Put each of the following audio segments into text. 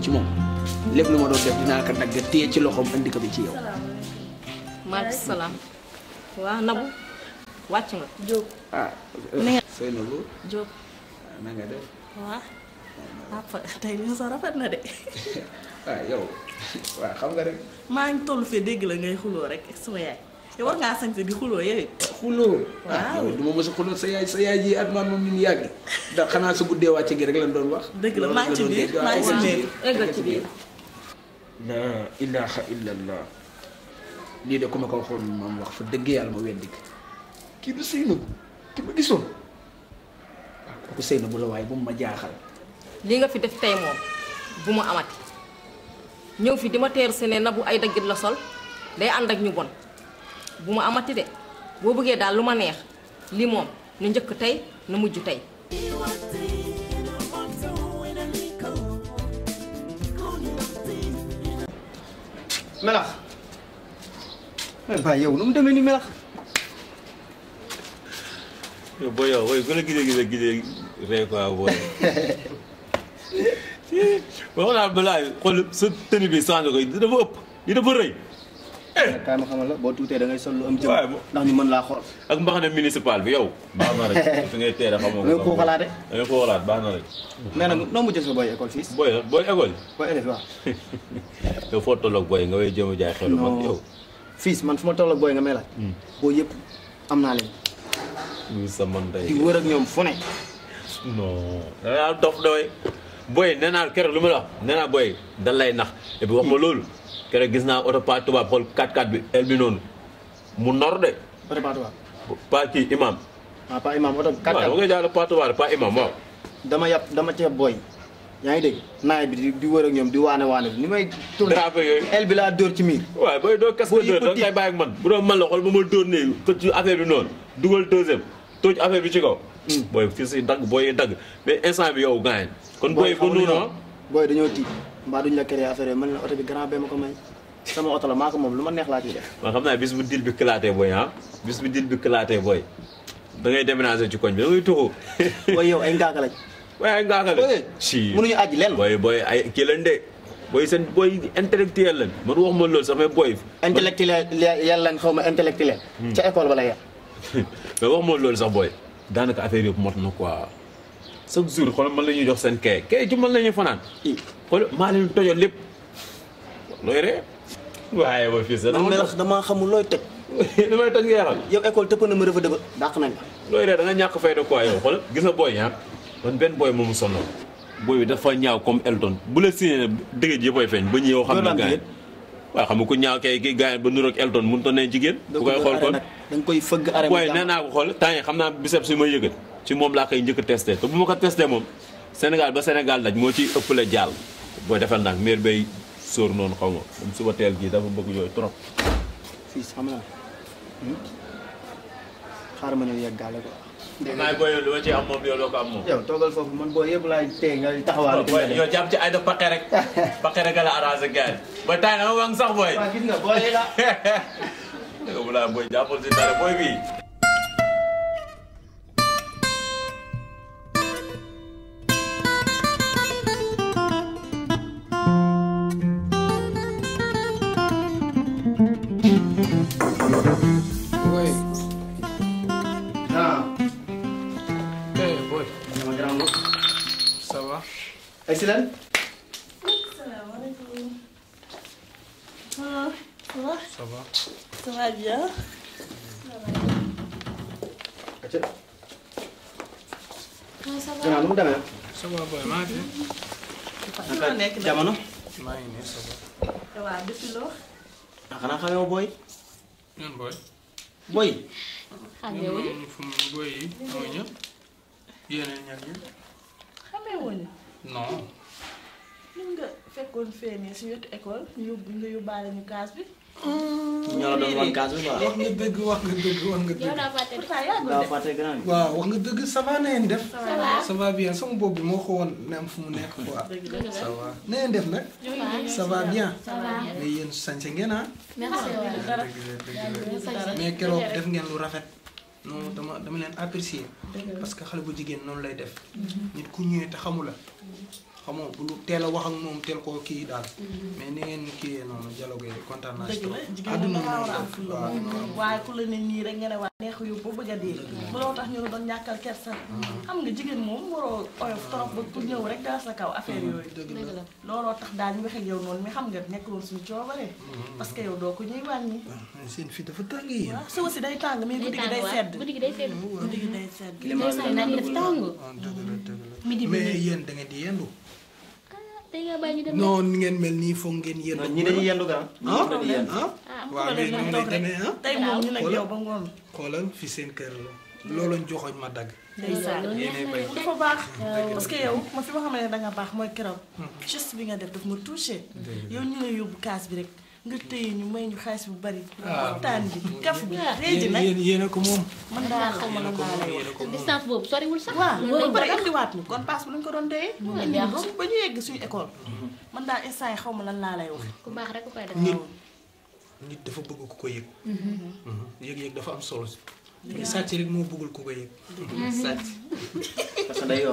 ci moom lépp lu ma doon def dinaa ko dagg téye ci loxoom indi ko bi ci yow. maaleykum salaam. waaw Nabou. wàcc nga. Diop. ah. Seynabou. Diop. Ah, na nga def. waaw. papa ah, ah, tey lii sa rafet na de. waaw yow waaw xam nga rek. maa ngi toll fii dégg la ngay xuloo rek sama yaay. te war ngaa sañ di xuloo yow xuloo waaw ah, du ma mos a xuloo sa yaay sa yaay ji at maam moom ñu yàgg ndax xanaa sa guddee wàcce gi rek lañ doon wax. dëgg la maa ngi ci biir laa ilaaha illallah lii de ku ma ko waxoon maam wax fa dëgg yàlla ma weddi kii du sëy na ki ma gisoon ah, kooku sëy na bu la waaye bu ma jaaxal. li nga fi def tey moom bu mu amati ñëw fi di ma teer si ne na bu ay daggit la sol day ànd ak ñu bon. bu ma amati boo bëggee daal lu ma neex li moom na njëkk tey na mujj tey melax mais eh, yow nu mu demee ni melax yow boo yow booy gën a gidee gidee gidee rey quoi booy wax naa balaa xool sa tenue bi changé ko dafa ëpp li dafa rëy kaay ma xamal la boo tuutee da ngay sol lu am jëm ndax ñu mën laa xool ak mbaxane municipal bi yow baax na rek fi ngay teere xamoo ko nga ko xalaate nga ko xalaat baax na rek mais nag noo mujjee sa boy école fii booy boy école boy élève waaw yow foo toll ak booy nga way jëm jaay xelu mag yow fils man fu ma toll ak booy nga may laaj hmm. booy yëpp am naa leen ñu sama ndey di wër ak ñoom fu ne non dangaa dof daway booy nee naa keroog lu ma la wax nee naa booy dan lay nax et puis wax ma loolu keroog gis naa oto pa tubaab xool 4 x bi el noonu mu nor de. oto pa tubaab. pa kii imam. Ah, waaw pa imam oto 4x4 waaw tubaab dama yab dama ceeb booy. yaa ngi dégg naay bi di wër ak ñoom di waane waane bi ni may. tourné el bi laa dóor ci miir. waaw booy doo kas nga xool ba ma dóor ne bi noonu dugal deuxième tóoj affaire bi ci kaw. Hmm. booy fii si dagg booy dagg mais instant bi yow gaañ. kon booy bu noonu ah. booy dañoo tiit mbaa duñ la créer affaire yooyu mën na oto bi grand bee ma ko may sama oto la maa moom lu ma neex laa ciy def. waaw xam naa bis bu dil bi kalaatee booy ah. bis bu dil bi kalaatee booy da ngay déménager ci koñ bi da ngay tuxu. waaye yow ay ngaaka lañ. waaye ay ngaaka lañ. si mënuñu àjji lenn. booy ay kii lañ de booy seen booy intellectuel lañ. man wax ma loolu sax mais booy. intellectuel yàlla lañ xaw ma intellectuel. Hmm. ca école ba la yàq. mais wax lool sax booy. daanaka affaire yëpp mot na quoi chaque jour xoolal man la ñuy jox seen kay kay ci man la ñuy xool maa leen tojal lépp looy ree waaye wa fii sax ndax damaa xamul looy toj looy toj nga yaxal yow école tëpp na ma rëfa dëba dàq nañ looy ree da nga ñàkk fayda quoi yow xool gis na booy ah man benn booy moomu sonno booy bi dafa ñaaw comme Elton bu la signé dëgg ji koy feeñ ba ñu yow xam ne gars waaw xam nga ku ñaaw kay kii gars ba nuroog Elton mënu ta ne jigéen bu koy xool kon da nga koy fëgg arrêté waaye nee naa ko xool temps yi naa bisab si ma yëgat ci moom laa koy njëkk testé te bu ma ko testé moom Sénégal ba Sénégal daj moo ci ciy la jaal booy defal naa meer bay sóor noonu xaw suba teel gii dafa bëgg yooyu trop. fii xam naa hmm? xaaral ma ne yeggaale ko. dégg booy yow li ci am moom yow loo ko am moom. yow toogal foofu man booy yëpp laay téye nga taxawaale. booy yow jàpp ci ay def paqe rek paqe rek la arrangé gars yi. booy taay na booy bii. Silen? Bonjour. Ça va Ça va. Ça va bien Ça va. Comment ça va Ça va, ça va bien. ça va. lu nga fekkoon feeñee si wetu école ñu yóbbu nga yóbbaale ñu kaas bi. Mm. ñoo la doon wan kaas bi quoi. wax nga dëgg wax nga dëgg wax nga dëgg. yow daa fàtte grand bi. waaw wax nga dëgg ça va na ngeen def. ça va ça va bien sama bopp moo ko woon ne am fu mu nekk quoi. ça va na ngeen def nag. ça va bien. ça va yéen sañse ngeen ah. merci ah, mais keroog def ngeen lu rafet. non dama dama leen apprécier. parce que xale bu jigéen noonu lay def. Mm-hmm. nit ku ñëwee te xam nga bu teel a wax ak moom teel koo kii daal. mais ni ngeen kiiyee noonu dialogue kontaan naa si trop. adduna bi waaye ku la ne nii rek nga ne waa neex yu ba bëgg a dee. looloo tax ñu ne doon ñàkkal kersa. Mm-hmm. xam nga jigéen moom waroo oyof trop ba ku ñëw rek daal sa kaw affaire mm-hmm. yooyu. dëgg la looloo tax daal ñu wax ak yow noonu mais xam nga nekkuloon suñu coobare. Mm-hmm. parce que yow doo ko ñuy wàññi. Ah, seen fi dafa tàng yi. waaw suba si day tàng mais guddi gi day sedd. guddi gi day sedd guddi gi day sedd. li ma la wax ah, dëgg la dëgg la mais yéen da ngeen di yendu tey nga ni ngeen mel nii foog ngeen yëndu. ñi dañuy yëndu grand. Ah ah, ah ah waaw noonu lay demee ah. tey moom ñu nag yow ba ngoon. xoolal fi seen kër la looloñ joxoñ ma dagg. ndeysaan dafa baax parce que yow ma fi ma xam ne danga baax mooy keroog. Hmm. geste bi nga def daf ma touché. yow ñu lay yóbbu kaas bi rek. nga téye ñu may ñu xaalis bu bari. waaw ah, waxtaan bi kaf bi ah, réegi nag yéen yéen a ko moom. man daal ah, xaw ma lan laa lay wax distance boobu soriwul sax. waaw ba pare indiwaat ñu kon paas bu lañ ko doon téye. ba ñu yegg suñu école. Mhm. man daal instant yi xaw ma lan laa lay wax. ku baax rek ku koy def nit nit dafa bëgg ku ko yëg. Mhm. Mhm. yëg-yëg dafa am solo si. muy sàcc moo bëggul ku ko yëg. Mm-hmm. sàcc parce que day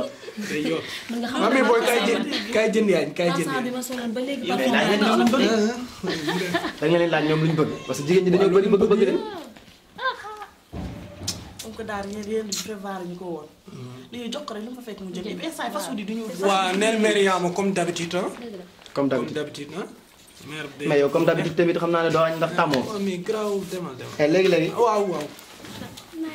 booy kaay jënd kaay jënd yaa kaay jënd yaa. ñoom luñ bëgg. parce que jigéen ñi dañoo bëri bëgg bëgg de. ko ñu ko woon. dañuy jox ko rek lu fa fekk mu jëlee mais instant fas yi du ñu. comme d'habitude comme d'habitude comme yow comme d'habitude tamit xam naa ne doo añ ndax tàmmoo. Oh, mais garaaw demal demal. Eh, waaw waaw.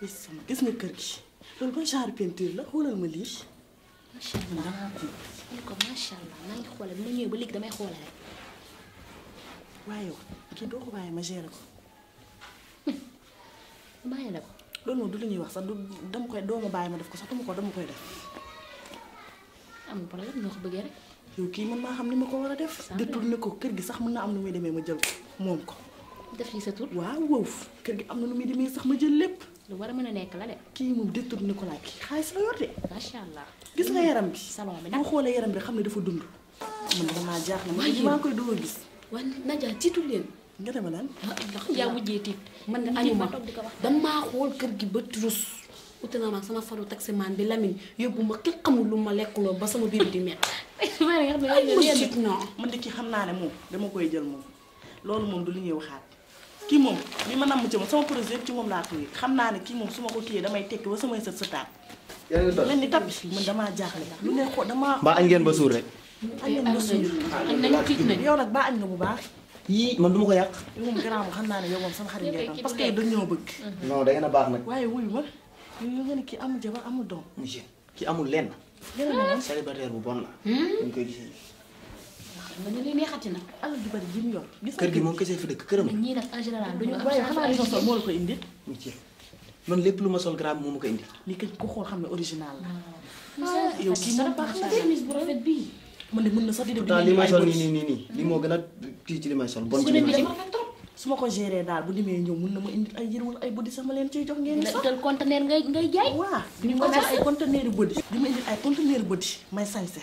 mais sama gis nga kër gi loolu ban genre peinture la xoolal ma lii. macha allah man ko macha allah maa ngi xoolal bi ma ñëwee ba léegi damay xoolal rek. waaye yow kii doo ko bàyyi ma géré ko. bàyyi na ko. loolu moom du lu ñuy wax sax du dama koy doo ma bàyyi ma def ko sax dama ko dama koy def. amul problème noo ko bëggee rek. yow kii man maa xam ni ma ko war a def. détourné ko kër gi sax mën na am nu muy demee ma jël ko moom ko. def ci sa tur waaw wow kër gi am na nu muy demee sax ma jël lépp. lu wara a mën la de kii moom détourné ko laaj xaalis la yor de macha gis nga yaram bi salon bi nag boo yaram bi xam dafa dund man dama jaaxle man maa koy doog gis waa Nadia tiitu leen nga dama lan ah, ndax yaa wujjee tiit man ayuma damaa xool kër gi ba trus uti naa sama faru taximaan bi Lamine yóbbu ma ki xamul lu ma ba sama biir di mel man de kii xam naa ne moom dama koy jël moom loolu du li ñuy kii moom li ma namm ci moom sama projet ci moom laa ko xam naa ne kii moom su ma ko téyee damay tekki ba samay sët sëtaat. damaa jaaxle lu ne xoo damaa. ba añ ngeen ba suur rek. añ ngeen ba suur yow nag ba añ nga bu baax. yii man du ma ko yàq. yow moom gannaaw xam naa ne yow moom sama xarit ngay doon parce que bëgg. Mhm. non da ngeen a baax nag. waaye wuyu ma yow nga ne kii amul jabar amul doom. monsieur kii amul lenn. gën a célibataire bu bon la. ñu hmm? koy gisee nga na alal ju moom kese fi dëkk këram. ñii nag en général man lépp lu ma sol grave moo ma ko indi. lii xam ne original la. ah, ah yow kii nag baax na chemise bu rafet na sax di li nii hmm. moo gën a kii ci li may sol. bon ci su ma ko géré daal bu demee ñëw mun na ma indi ay yërwal ay bëdi sama leen ciy jox ngeen sax tel conteneur ngay ngay jaay waaw di ma ay conteneur bëdi di ma indi ay may sañse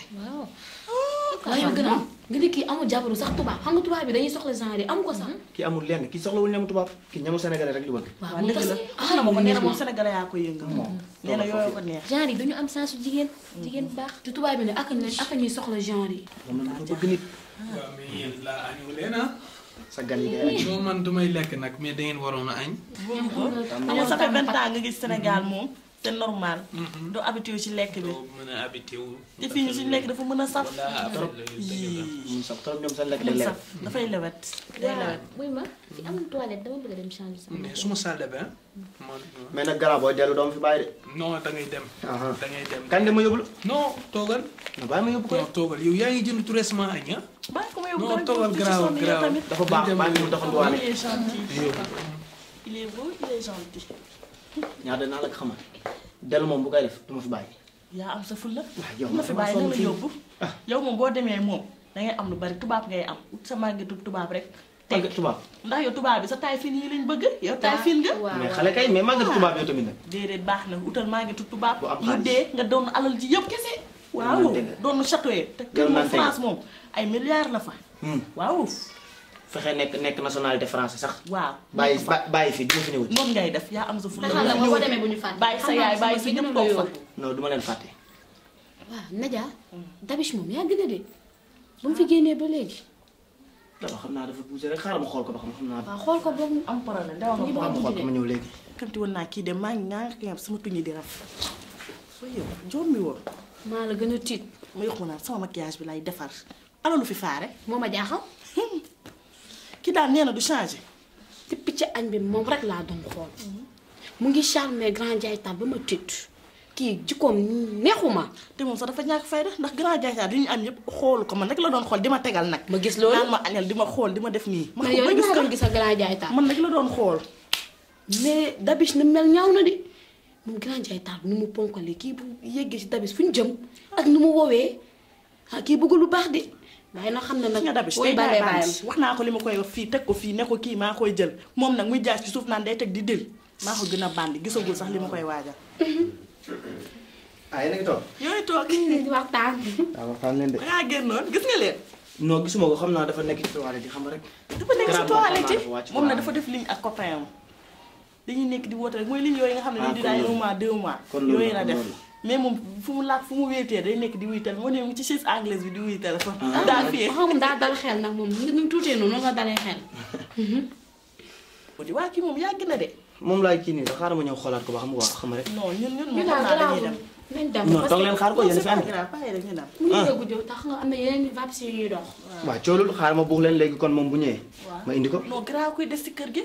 waaw gën a am nga ne kii amul jabaru sax tubaab xam nga tubaab bi dañuy soxla genre amu ko sax kii amul lenn kii soxlawul ñamu tubaab kii ñamu sénégalais rek li bëgg waaw dëgg la xanaa moom nee na moom sénégalais yaa ko yëngal moom nee na yooyu ko neex genre yi duñu am sensu jigéen jigéen bu baax te tubaab bi ne ak ne ak ñuy soxla genre yi moom la bëgg nit waaw mais yéen laa añu leen ah sa gan yi day añ man du may lekk nag mais da ngeen waroon a añ ça fait vingt ans nga gis Sénégal moom c'est normal. Mm-hmm. do habitué ci lek bi. do meuna a habitué wu. te fii ci lek dafa meuna a saf. trop yii saf trop ñoom lek lekk day lewet. dafay lewet day lewet. muy ma fi amul toilette dama bëgg dem changer sama. mais suma salle de bain. mais nag garab booy dellu doom fi bàyyi de. non da ngay dem. da ngay dem kan de ma yóbbu non togal na bay ma yóbbu ko. togal yow yaa ngi jënd tout récemment añ ah. bàyyi ko ma yóbbu non togal garaaw garaaw dafa baax bàyyi mu doxanduwaale. il est il est beau il est gentil. ñaar danaa la ko xamal dellu moom bu koy def du ma fi bàyyi. yaa am sa fulla yow ma fi bàyyi na la yóbbu ah. yow moom boo demee moom da am lu bari tubaab ngay am sa màggetu tubaab rek. teg tubaab ndax yow tubaab bi sa taay fin yi bëgg yow taay fin nga mais xale mais màggetu ah. tubaab yow tamit nag déedéet baax na utal màggetu tubaab yu dee nga doon alal ji yëpp kese waaw doon château te kër moom France moom ay milliards la fa hmm. waaw fexe nekk nekk nationalité français sax. waaw bàyyi bàyyi fi duma fi ñëw. moom ngay def yaa am sa fu. xanaa boo ko demee bu ñu fàtte. bàyyi sa yaay bàyyi sa ñëpp toog fa. non ma leen fàtte. waaw Nadia. Dabish moom bu fi génnee ba léegi. dama xam naa dafa bougé rek xaaral ma xool ko ba xam naa. xool ko ba mu xool ko ma ñëw léegi. xamti woon naa kii de maa ñaar kii sama tuñu di raf. soo la gën a tiit. ma yokku naa sama maquillage bi lay defar alalu fi faare. moo ma jaaxal ki daal neena du changer ci picc añ bi moom rek la doon xol mu ngi charmer grand jaaytaan bama ma ki kii jikkoom neexuma. te mom sa dafa ñàkk fayda ndax grand jaaytaan du ñu am ñep xol ko man rek la doon xol dima ma tegal nag. ma gis lool naan ma añal di ma xool def ni ma yow gis ko gis ak grand jaaytaan man nag la doon xol mais dabish ni mel ñaaw na di moom grand jaaytaan nu mu ponkalee ki bu yegge ci dabish fuñu jëm ak nu mu woowee ah kii bëgg lu bax di. waaye nag xam na nag nga dabi tey daay baayam wax naa ko li ma koy wax fii teg ko fii ne ko kii maa koy jël moom nag muy jaas si suuf naan day teg di dil maa ko gën a bandi gisagul sax li ma koy waajal. ah yéen a ngi toog. yooyu toog di waxtaan. waaw ah, waxtaan leen de. dangaa génnoon gis nga leen. non gisuma ko xam naa dafa nekk ci toilette yi xam nga rek. dafa nekk ci toilette yi moom na dafa def ligne ak copain am dañuy nekk di woote rek mooy ligne yooyu nga xam ne. ah kon loolu yooyu la def mais moom fu mu laaj fu mu wéetee day nekk di wuy téléphone moo ne mu ci chaise anglaise bi di wuy téléphone. Ah. daa ah, mu tuutee noonu la dalee xel. bu moom yàgg na de. moom laay kii nii sax ma ñëw xoolaat ko ba xam nga xam rek. non ñun dem. nañ dem non xaar ko yéen fi am. mu ñu ah. dégg tax nga am na yeneen vapes yu ñuy dox. waaw coolul xaaral ma buux leen léegi kon moom bu ñëwee. ma indi ko. non garaaw kuy des ci kër gi.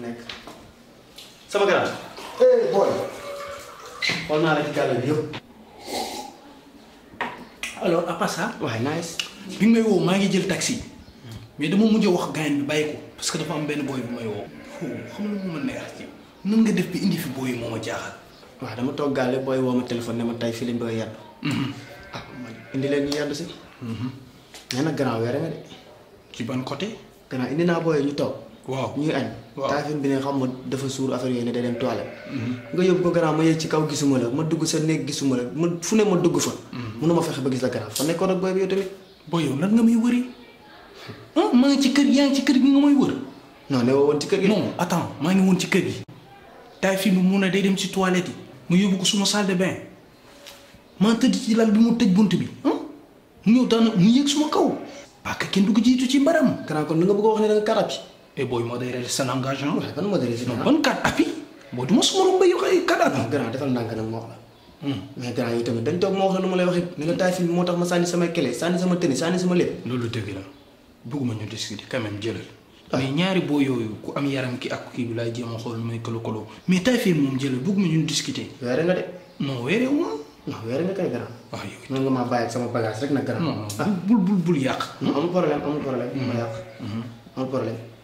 nekk sama grand. eh boy, xool naa la ci gàllal alors nice. bi ngay wo maa ngi jël taxi. mais dama mujj wax gaañ bi bàyyi ko parce que dafa am benn booy bu may woo. xam nga mu ma neex ci nan nga def bi indi fi booy yi moo ma jaaxal. waaw dama toog gàlle booy woo ma téléphone ne ma tey fii lañ bëgg a yàddu. Mhm. ah ma indi leen ñu yàddu mhm. grand nga ci ban côté. indi ñu waaw ñuy taafin bi ne xam ma dafa suur affaire yooyu ne day dem toilette mhm. nga yóbbu ko garaaw ma yëg ci kaw gisuma la ma dugg sa néeg gisuma la ma fu ne ma dugg fa mhm. mënuma fexe ba gis la garaaw fa nekkoon ak booy bi yow tamit boo yow lan nga may ah, ci kër yaa ci kër gi nga may wër non ne ci kër gi non attends maa ngi woon ci kër gi taafin bi mu ne day dem ci toilette yi ma yóbbu ko suma salle de bain maa tëdd ci lal bi mu tëj bunt bi ah, mu ñëw daana mu yëg suma kaw parce que kenn du ko jiitu ci mbaram. gannaaw kon li nga bëgg a wax ne da nga karapi e booy modéré seen engagement. waaw ban modéré si ban carte appui. booy du ma su ma doon béyu ay carte appui. moo lay waxee. ne la moo tax ma sànni sama kele sànni sama tëni sànni sama lépp. loolu dëgg la bëgguma ñu discuter quand jëlal. mais ñaari ah. boo yooyu ku am yaram ki ak kii bi laay jéem a xool may kolo kolo mais taay fi moom jëlal bëgguma ñu discuter. weere nga de. non weere wu ma. weere nga kay grand. waaw yow mën nga maa bàyyi sama bagage rek na grand. ah bul bul bul yàq. amul problème amul problème ma yàq hmm. amul problème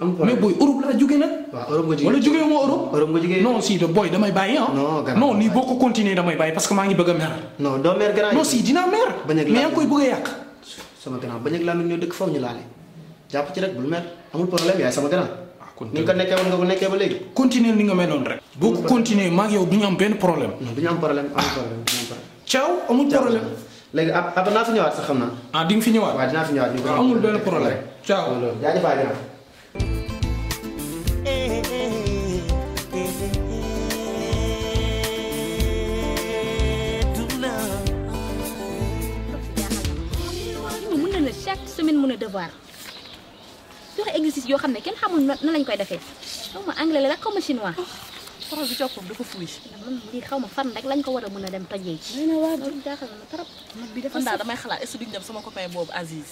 mais boy europe la jugé nak wala jugé mo europe europe nga jugé non si de boy damay bayyi hein non ni boko continuer damay bayyi parce que ma ngi bëgg mer non do mer grand non si dina mer mais yang koy bëgg yak sama grand ak la ñu dëkk faw ñu laalé japp ci rek bu mer amul problème yaay sama grand ah, ni nga nekké won nga ko nekké ba légui continuer ni nga menon rek boko continuer ma ak yow duñu am ben problème duñu am problème am problème ciao amul problème légui ap ab na fi ñëwaat sa xamna ah di nga fi ñëwaat wa dina fi ñëwaat amul ben problème ciao jaajefa grand chaque semaine mun a devoir joxe exercice yoo xam ne kenn xamul na lañ koy defee xaw ma anglais la xaw ma chinois. xaw bi coppam dafa fuuy. man lii xaw ma fan rek lañ ko war a mën a dem tojee ci. nee na waa bi dafa daal damay xalaat est-ce que duñ dem sama copain boobu Aziz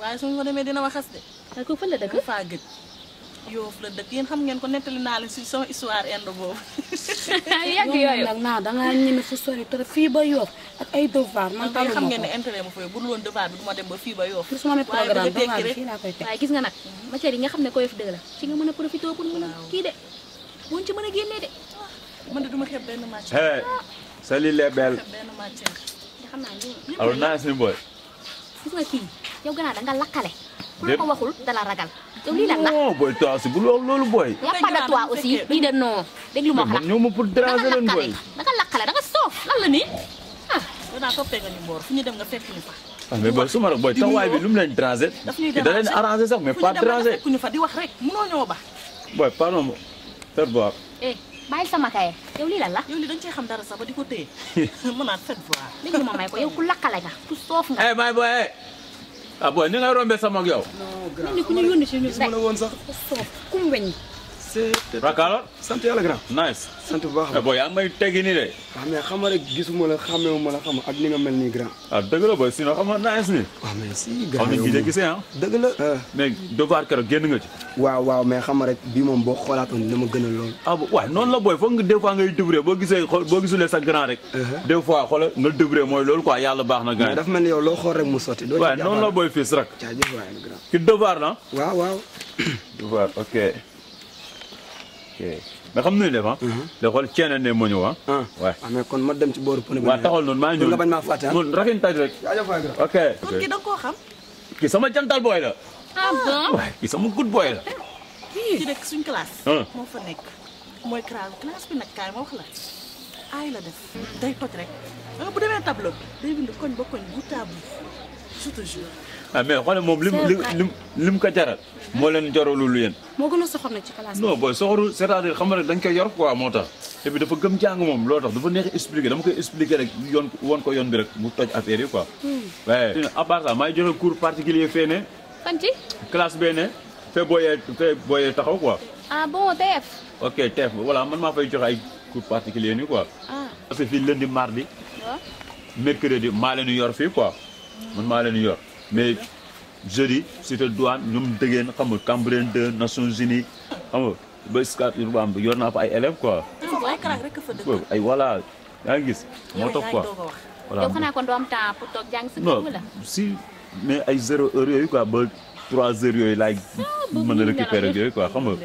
waaye su ma demee dina ma xas de. ko fan la dëkk faa gëj. yoof la dëkk yéen xam ngeen ko nettali naa la si sama histoire inde boobu. yàgg yooyu nag naa dangaa ñeme fu sori trop fii ba yoof ak ay devoir man tey ne intérêt ma fooy bu dul ma dem ba fii ba yoof. ma ne programme devoir bi fii laa koy waaye gis nga nag matière yi nga xam ne ko yoof dëgg la ci nga mën a profité pour mën a kii de buñ ci mën a génnee de. man de duma xeeb benn naa ne alors naa suñu gis nga kii yow gannaaw da lakkale ku la ko waxul dala ragal. yow lii lan la non booy taasi loolu booy. y' a pas de toi da nga lakkale da nga soof lan la nii ah. ñu mboor fu ñu dem nga fekk ñu fa. ah mais booy su ma da leen arranger sax mais pas déranger. fekk ñu fa di wax rek mënoo ñoo ba. booy pardon faire voir. eh bàyyi sama kaye yow lii lan la. yow lii dañ ko ma may ko yow ku lakkale ku soof nga. eh may booy eh. ah booy ni ngay rombee sama ak yow. non grand ku ñu woon sax ku mu weñ rakalo sant yàlla grand nice sant bu baax eh boo yaa may teggi nii de waaw ah, mais xam nga rek gisuma la xamewu ma la xam ak ni nga mel nii grand ah, dëgg la booy sinon xam nga nice ni waaw ah, mais si grand xam nga gisee ah dëgg la eh, mais devoir keroog génn nga ci waaw waaw mais xam nga rek bii moom boo xoolaatoon ma gën a loolu ah waaw noonu la booy foog nga des fois ngay débrouiller boo gisee xool boo gisulee sa grand rek uh-huh. des fois xoolal nga débrouiller mooy loolu quoi yàlla baax na grand daf mel ni yow loo xool rek mu sotti waaw noonu la booy fils rek ki devoir na waaw waaw devoir mais xam nañu def ah. te mhm. xool ceene ne moo ñëw ah. waaw ah. ah, mais kon ma dem ci booru pneu bi. waaw taxawal noonu maa ngi ñëw nga bañ maa fàtte ah. noonu rafet taj rek. ok. kon kii da nga koo xam. kii sama jantal booy la. ah bon waaye kii sama good booy la. kii rek suñ classe. Ah. moo fa nekk mooy classe classe bi nag kaay ma wax la aay la def day toj rek bu demee tableau bi day bind koñ ba koñ bu taabu surtout jour. ah mais xoolal moom lim lim lim ko jaral. moo leen jaralul yéen. moo gën a soxor na ci classe non booy xam nga rek dañ koy yor quoi moo tax. dafa gëm jàng moom loo tax dafa neex expliquer dama koy expliquer rek yoon woon ko yoon bi rek mu toj affaire yi quoi. Hmm. maay joxe cours particulier fee ne. fan ci. classe bee ne fee booyee fee taxaw quoi. ah bon TF. ok TF voilà man maa fay joxe ay cours particulier nii ko ah. parce que fii lundi mardi. waaw mercredi maa leen yor fii quoi man maa leen yor. mais je le douane ñoom dëggeen xam comme Cambérène 2 Nations Unies xam nga ba SCAT Urbam yor pas élèves quoi. voilà gis. quoi voilà non si mais zéro heure quoi ba trois heures a récupérer quoi xam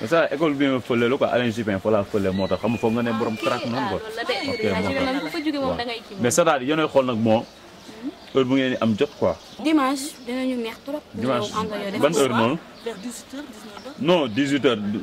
mais ça école bien quoi Alain mais cest heure bu ngeen am jot quoi. dimanche dinañu neex trop. dimanche ban heure vers 18h 19h. non 18h.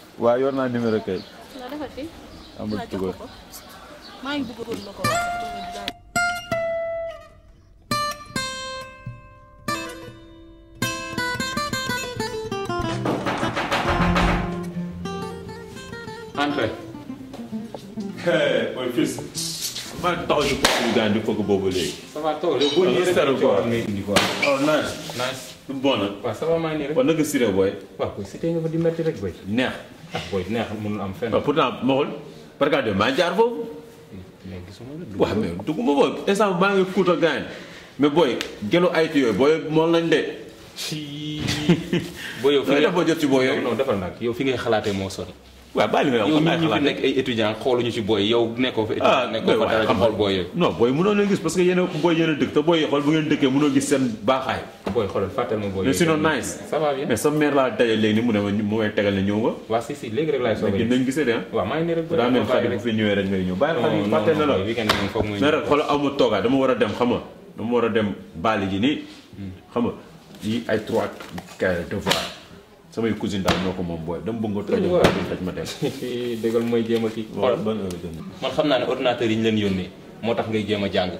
waaw yor naa numéro kay. nga defati. amul dugal maa ngi bëgg la ko mooy fils maa ngi taxaw si kooku bi daan di fokk boobu léegi. ça va taw léegi boo ñëwee rek ci war ngay indi quoi. oh nice. nice. bon nag. waaw ça va maa ngi nii rek. waaw naka Siré booy. waaw c'était nga fa di métti rek booy. neex. ah booy neex mënul am fenn. waaw pourtant ma xool par exemple maa jaar foofu. mais gisuma la dugg waaw mais dugguma booy instant maa ngi kuuta gaañ mais booy gënu ay tuyoo booy moom lañ de. ci booy yow fi nga def ba jot ci booy yow. yow fi ngay xalaatee moo sori. waaw bàyyi li may wax am na ay nekk ay étudiants xooluñu ci booy yow nekkoo fa ah, étudiant nekkoo fa dara ci booy yooyu non booy mënoo leen gis parce que yéen a booy yéen a dëkk te booy yi xool bu ngeen dëkkee mënoo gis seen baaxaay mais sa mère laa daje léegi ni mu ne ma mu may tegal ne ñëw nga waaw si si léegi rek laay soog a gis nañ gisee de ah. waaw maa ngi nii rek daa bu fi ñëwee rek ngay ñëw bàyyi xale fàttal na la mais rek xoolal amu toogaa xam nga dama war a dem baali nga ay trois samay cousine daal ñoo ko moom booy dama bëgg nga toj ma toj dëggal mooy jéem a kii xool naa ne ordinateur yi ñu leen yónnee moo tax ngay jéem a jàng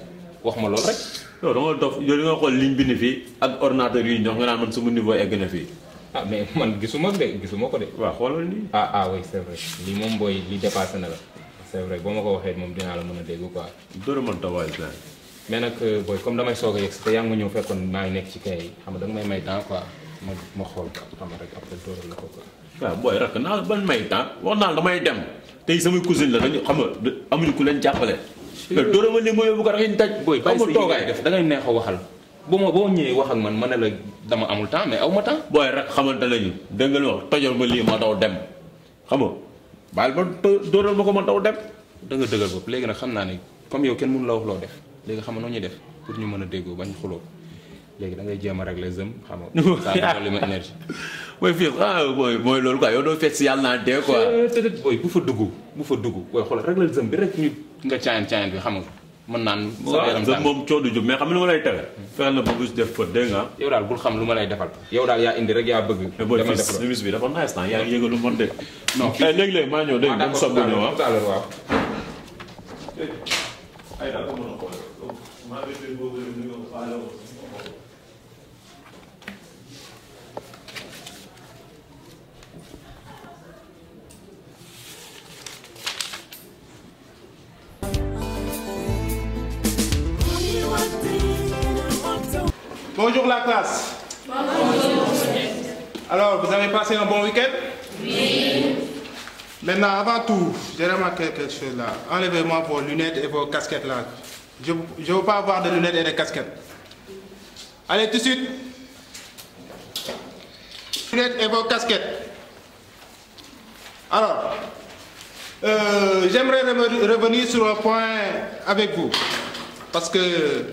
wax ma loolu rek yow da nga xool ligne bi ni fii ak ordinateur yi ñox nga naan man sama niveau egg na fii ah, mais man gisuma gisuma ko de waaw xoolal nii ah ah lii moom booy li dépassé na la c'est boo ma ko waxee moom dinaa la mën a dégg quoi dóora mën tawaay mais nag euh, booy comme damay soog a yegg si te yaa ngi ñëw fekkoon maa nekk ci kay yi xam nga da nga may may temps quoi ma ma xool xam nga rek après dooral la ko quoi. waaw booy rakk naa ban may temps wax naa damay dem tey samay cousine la dañu xam nga amuñu ku leen jàppale. dooral ma ne ma yóbbu ko rek ñu taj. booy bàyyi sa toogaay def da ngay neex a waxal. bu ma boo ñëwee wax ak man ma ne la dama amul temps mais aw ma temps. booy rakk xamante nañu dégg nga li ma wax tojal ma lii ma daw dem xam nga baal ma dooral ma ko ma daw dem. da nga dëggal bopp léegi nag xam naa ne comme yow kenn mënu la wax loo def léegi xam nga noo ñuy def pour ñu mën a déggoo bañ xuloo léegi da ngay jéem a régler zëm xam nga. saa li ma mooy fii ah, mooy mooy loolu quoi yow doo fekk si yàlla naa dee quoi. déedéet bu fa dugg bu fa dugg booy xoolal régler zëm bi rek ñu nga caayan caayan bi xam nga. mën naan sa yaram tàng moom coono jóg mais xam nga lu ma lay tegal. Hmm. fexeel na ba bés def fa dégg nga. yow daal bul xam lu ma lay defal. yow daal yaa indi rek yaa bëgg. dama def mais bis bi dafa nice temps yaa ngi yëgalu man de. non fii eh, léeg-léeg maa ñëw dégg nga ah, mu soog ko Bonjour la classe. Bonjour. Alors, vous avez passé un bon week-end Oui. Maintenant, avant tout, j'ai remarqué quelque chose là. Enlevez-moi vos lunettes et vos casquettes là. Je ne veux pas avoir de lunettes et de casquettes. Allez, tout de suite. Lunettes et vos casquettes. Alors, euh, j'aimerais revenir sur un point avec vous. Parce que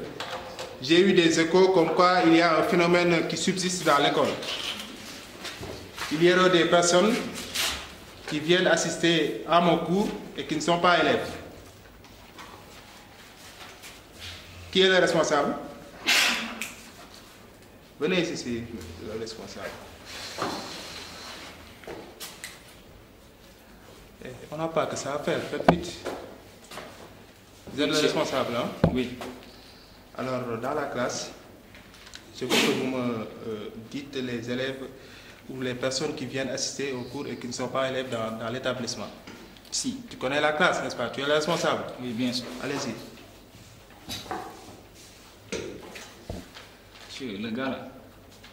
j'ai eu des échos comme quoi il y a un phénomène qui subsiste dans l'école. Il y a des personnes qui viennent assister à mon cours et qui ne sont pas élèves. Qui est le responsable Venez ici, le responsable. Eh, on n'a pas que ça à faire, faites vite. Vous êtes le responsable, hein Oui. Alors, dans la classe, je veux que vous me euh, dites les élèves ou les personnes qui viennent assister au cours et qui ne sont pas élèves dans, l'établissement. Si, tu connais la classe, n'est-ce pas Tu es le responsable Oui, bien sûr. Allez-y. Monsieur, le gars là.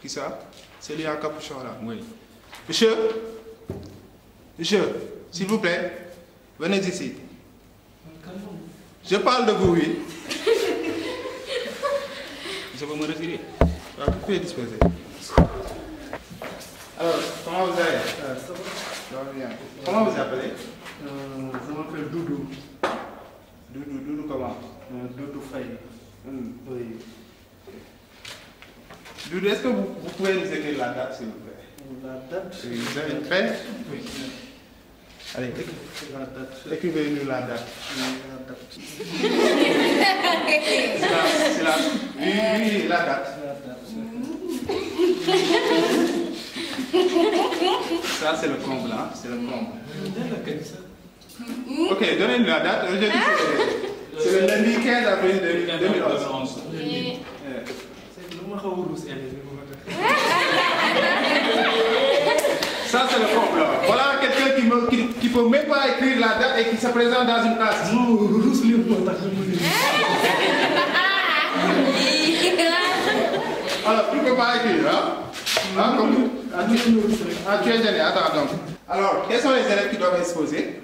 Qui ça C'est lui en capuchon là. Oui. Monsieur Monsieur, s'il vous plaît, venez ici. Je parle de vous, oui. Je vais me retirer. Alors, vous pouvez ah, disposer. Alors, comment vous allez euh, Ça va bien. Comment vous appelez euh, Je m'appelle Doudou. Doudou, Doudou comment euh, Doudou Faye. Hmm. Oui. Doudou, est-ce que vous, pouvez nous écrire la date, s'il vous plaît La date vous avez une Oui. Allez, écrivez-nous la date. C'est la, Oui, oui, la date. Ça, c'est le comble, hein? C'est le comble. Ok, donnez-nous la date. Ah! C'est le lundi 15 avril 2011. Ça, c'est le comble peut même pas écrire la date et qui se présente dans une classe. Alors, tu ne peux pas écrire, hein? hein comme, ah, tu es gêné, ah, attends donc. Alors, quels sont les élèves qui doivent exposer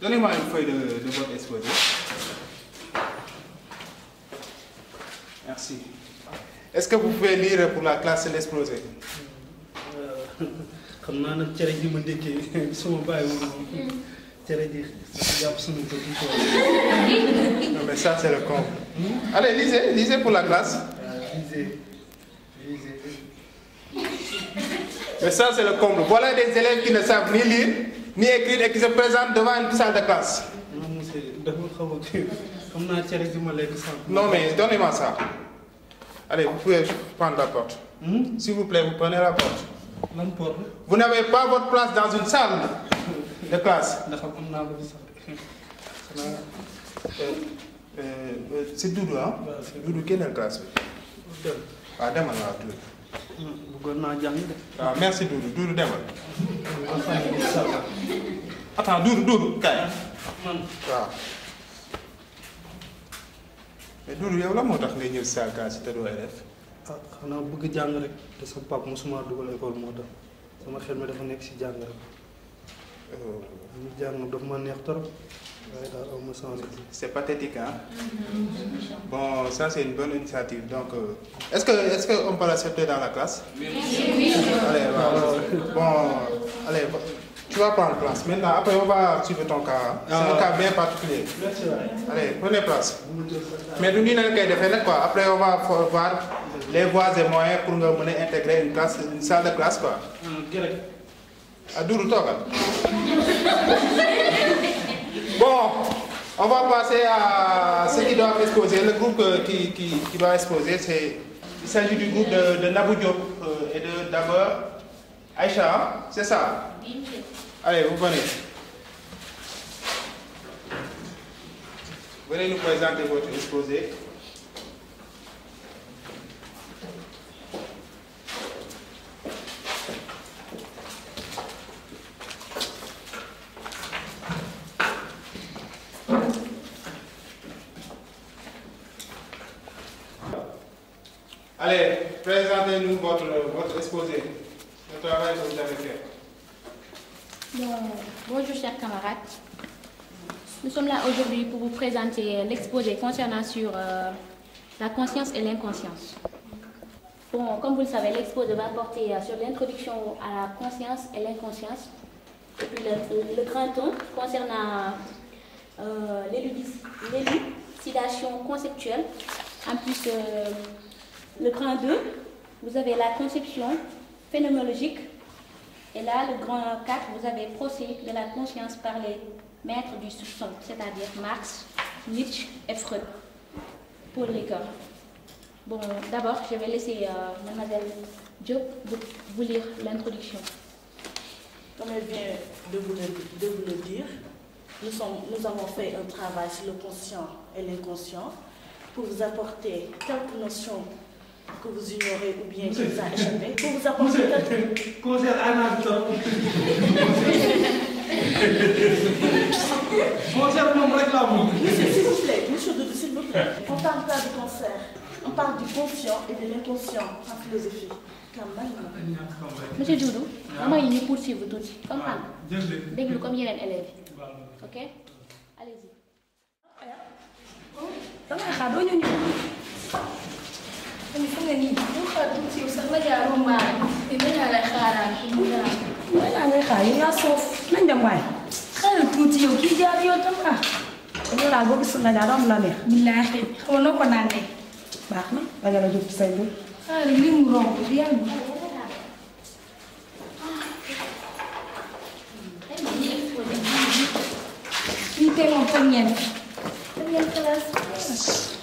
Donnez-moi une feuille de, de votre exposé. Merci. Est-ce que vous pouvez lire pour la classe l'exposé que ma non mais ça c'est le comble. Hmm? allez lisez lisez pour la classe. Euh, lisez lisez. Mais ça, c'est le comble. Voilà des élèves qui ne savent ni lire, ni écrire et qui se présentent devant une salle de classe. Non, mais donnez-moi ça. Allez, vous pouvez prendre la porte. Hmm? S'il vous plaît, vous prenez la porte. Vous n'avez pas votre place dans une salle de classe. Euh, euh, c'est Doudou, hein Doudou, quelle est la classe Ah, Dama, là, Doudou. Hmm, ah, merci Doudou. Doudou, demain. Attends, Doudou, Doudou, Kaya. Mais Doudou, il y a là, moi, une salle de classe, c'était le RF. ah xanaa bëgg jàng rek te sama papa mosuma dugal école moo tax sama xel mi dafa nekk si jàng rek ñu oh. jàng dafa ma neex trop C'est pathétique, hein mhm. Bon, ça c'est une bonne initiative. Donc, euh, est-ce que est-ce qu'on peut l'accepter dans la classe Oui. Allez, bah, euh, bon, allez, bah, tu vas prendre place. Maintenant, après on va suivre ton cas. Hein. C'est un ah. cas bien particulier. Allez, prenez place. Mais nous hein, devons quoi. Après on va voir les voies et moyens pour nous mener intégrer une classe, une salle de classe quoi. Adour, ah, ah, toi. On va passer à ceux qui doit exposer. Le groupe euh, qui, va exposer, c'est, il s'agit du groupe de, Naboudiop euh, et de d'abord Aïcha, hein, c'est ça Allez, vous venez. Venez nous présenter votre exposé. Allez, présentez-nous votre, exposé, le travail que vous avez fait. bonjour chers camarades. Nous sommes là aujourd'hui pour vous présenter euh, l'exposé concernant sur euh, la conscience et l'inconscience. Bon, comme vous le savez, l'exposé va porter euh, sur l'introduction à la conscience et l'inconscience, et le, grand ton concernant l'élucidation conceptuelle, en plus le grand 2, vous avez la conception phénoménologique. Et là, le grand 4, vous avez procès de la conscience par les maîtres du soupçon, c'est-à-dire Marx, Nietzsche et Freud, pour Ricoeur. Bon, d'abord, je vais laisser euh, mademoiselle Diop vous, lire l'introduction. Comme elle vient de vous, le, dire, nous, sommes, nous avons fait un travail sur le conscient et l'inconscient pour vous apporter quelques notions que vous ignorez ou bien que vous a échappé, pour vous apporter Concert Monsieur, s'il vous plaît, monsieur Doudou, s'il vous plaît. On parle pas de concert. on parle du conscient et de l'inconscient en philosophie. Monsieur Doudou, comment il nous poursuit, vous tous. comme ah, un élève. Ok Allez-y. الفنانين وخدمتي وصغيري رومان يبان على خارج يبان على خارج يا صوف من دم واي خدمتي وكي جاري وتمرة كل العبوب السنة دارهم لا مير بالله هو نو كناني باخنا بدل أجيب سيدو خارج لي مرام ريال Tem um panheiro. Panheiro para as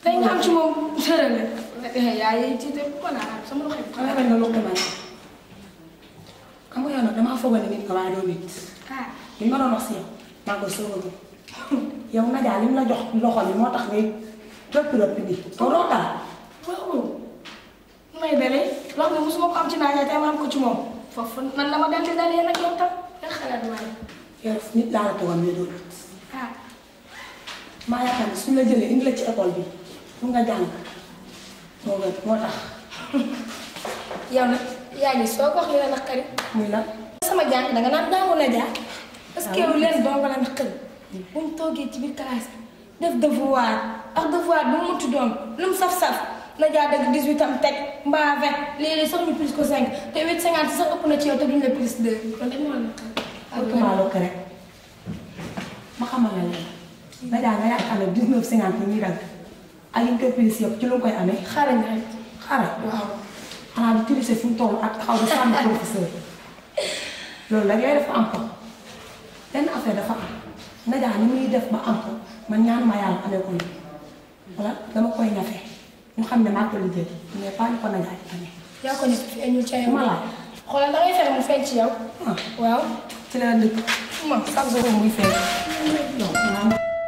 tey nga am ci moom sërël yaa ngi ci te ko naa sama loxo bi. xanaa nga xam nga yow nag damaa foog ne nit ko waaye doo nit. ah li si yow maa ngi ko sóoralu li la jox loxo bi moo tax ngay rëpp rëpp bi. te loo tax waaw may dalee loo am ci naa tey ma ko ci moom foofu man la ma dal di dalee nag yow tam maa yaakaar suñu la jëlee indi la ci école bi. mu nga jàng moo gën moo tax. yow nag yaa ngi soog wax li la naqari. muy lan. sama naan jàngu na parce que yow ah leen dong la naqari. bu mu toogee ci biir classe bi def devoir ak devoir bu mu munti doon lu mu saf-saf na jaar dëgg 18 am teg mbaa 20 léeg-léeg sax ñu plus que 5 te 8 50 sax ëpp na ci yow te duñ la plus 2 loolu dañ ma la naqari. Ah rek ma xamal la ne. nga jàng nga yaakaar ne 19 50 ñuy ak entreprise yëpp ci lu koy amee. xarañ rek. xarañ waaw. xanaa di tirise fi mu toll ak xaw di sànni professeur loolu rek lay dafa am ko benn affaire dafa am Nadia ni muy def ba am ko man ñaan ma yàlla amee ko nii xam ne maa ma la xoolal da ngay fexe mu feeñ ci yow. Ah. waaw ci la dëkk. ma chaque jour muy feeñ.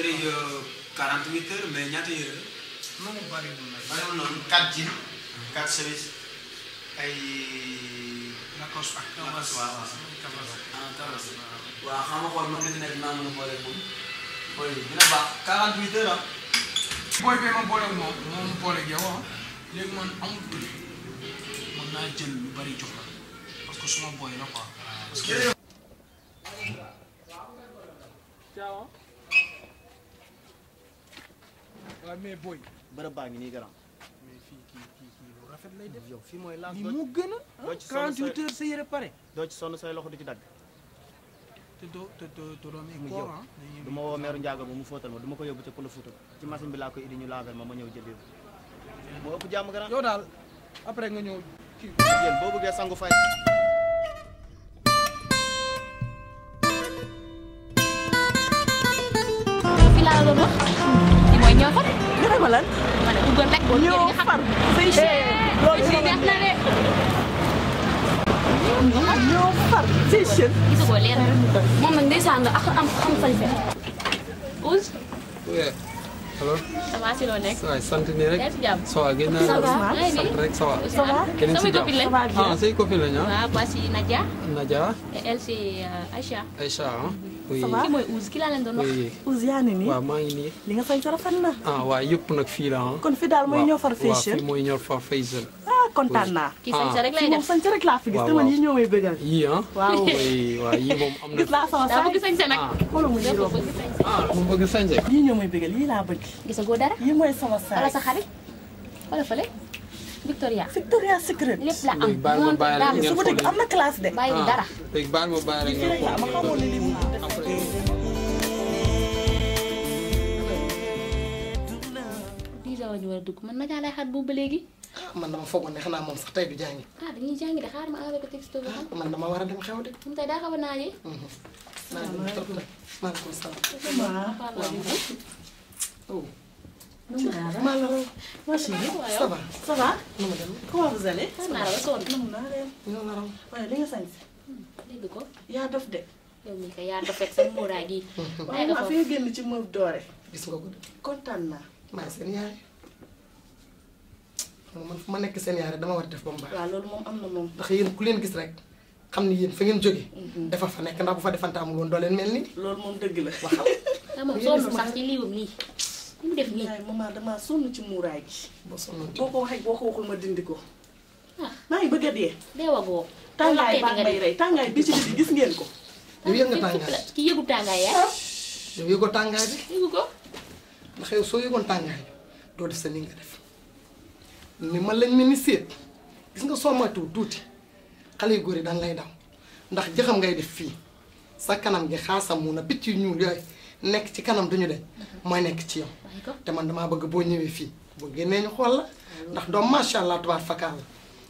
yëre yu euh, 48 ah, xam nga xool moom la nekk naa mën a boole moom. booy dina baax 48 heures ah. booy bee ma boole moom moom boole yow ah léegi man amul prix naa jël lu bari jox la parce que suma booy la quoi. parce que. waaw mais booy. bërëb baa ngi nii garaan. mais fii rafet lay def. fii mooy laas doo mu a. doo ci sa yére doo ci sonn say loxo du ci dagg. te doo te doo te doo muy koor ah. du ma woo meeru Ndiago mu fóotal ma du ma ko yóbbu te ku la ci machine bi laa koy indi ñu laabal ma ma ñëw jëndee ko. moo ëpp jàmm garaan. yow daal après nga ñëw kii. yéen boo bëggee sangu fay. fi laa doon ma lan. ma far c'est cher. Eh, gisagoo leer moom nag ndeysaan nga ak am xam-xam. alors ça va si loo nekk. waaw sant ni rek. ça va na. naa la sant rek ça va. ça si jàmm ça eh, eh, ah say copine lañ ah. waaw voici Naja? Nadia. et elle c'est Aïcha. ah. oui kii mooy Ouz ki laa leen doon wax. Ouz yaa ngi nii. waaw maa ngi nii. li nga fañ sa rafet na. ah waaw yëpp nag fii la ah. kon fi daal mooy ñoo far fashion. waaw fii mooy ñoo far fashion. kontaan na. kii sañca rek lay def moom sañca rek laa fi gis. te man yii ñoo may bëggal. yii ah. waaw waaw yii moom am na. gis laa sama saay daa bëgg sañca nag. ah mu bëgg sañca. yii ñoo may bëggal yii laa bëgg gisagoo dara. yi iya, mooy sama saay sa xarit wala Victoria. Victoria Secret. lépp la am moom daal su ma dégg am na classe de. bàyyi dara. léegi baal ma baal rek ma dugg man man dama ah dañuy jangi de xaar ma xam. man dama dem xew de. Oh. Ma chérie, ça va ça va. comment vous allez. waaye li nga sañ si. ko. yaa dof de. yow mii kay yaa dof waaye nga fi ci moom doore. gis kontaan naa. maa ngi ma nekk seen yaay dama war a def waaw loolu moom am na moom. ku leen gis rek. xam ne yéen fa ngeen jóge mhm. dafa fa nekk ndax bu fa defante amul woon doo leen mel nii. loolu moom dëgg la. waxal. dama sonn sax ci liiwam nii ku mu def nii maman dama sonn ci muuraay gi. ba sonn boo ko waxul ma dindi ko. Ah. maa ngi bëgg a dee. deewagoo. ngay rey tàngaay bi ci biti gis ngeen ko. yow yëg nga ah, tàngaay ki yëgu tàngaay yaa. Ah? yow yëgoo tàngaay bi. yëgu ko. ndax def sa ni nga def ni lañ ni seet gis nga lay daw ndax jëxam ngay def fii sa kanam gi xaasam mu na Nek ci kanam duñu dé moy mhm. nek ci yow té man dama bëgg bo ñëwé fi bu gënë ñu xol la ndax ma sha allah tabar fakal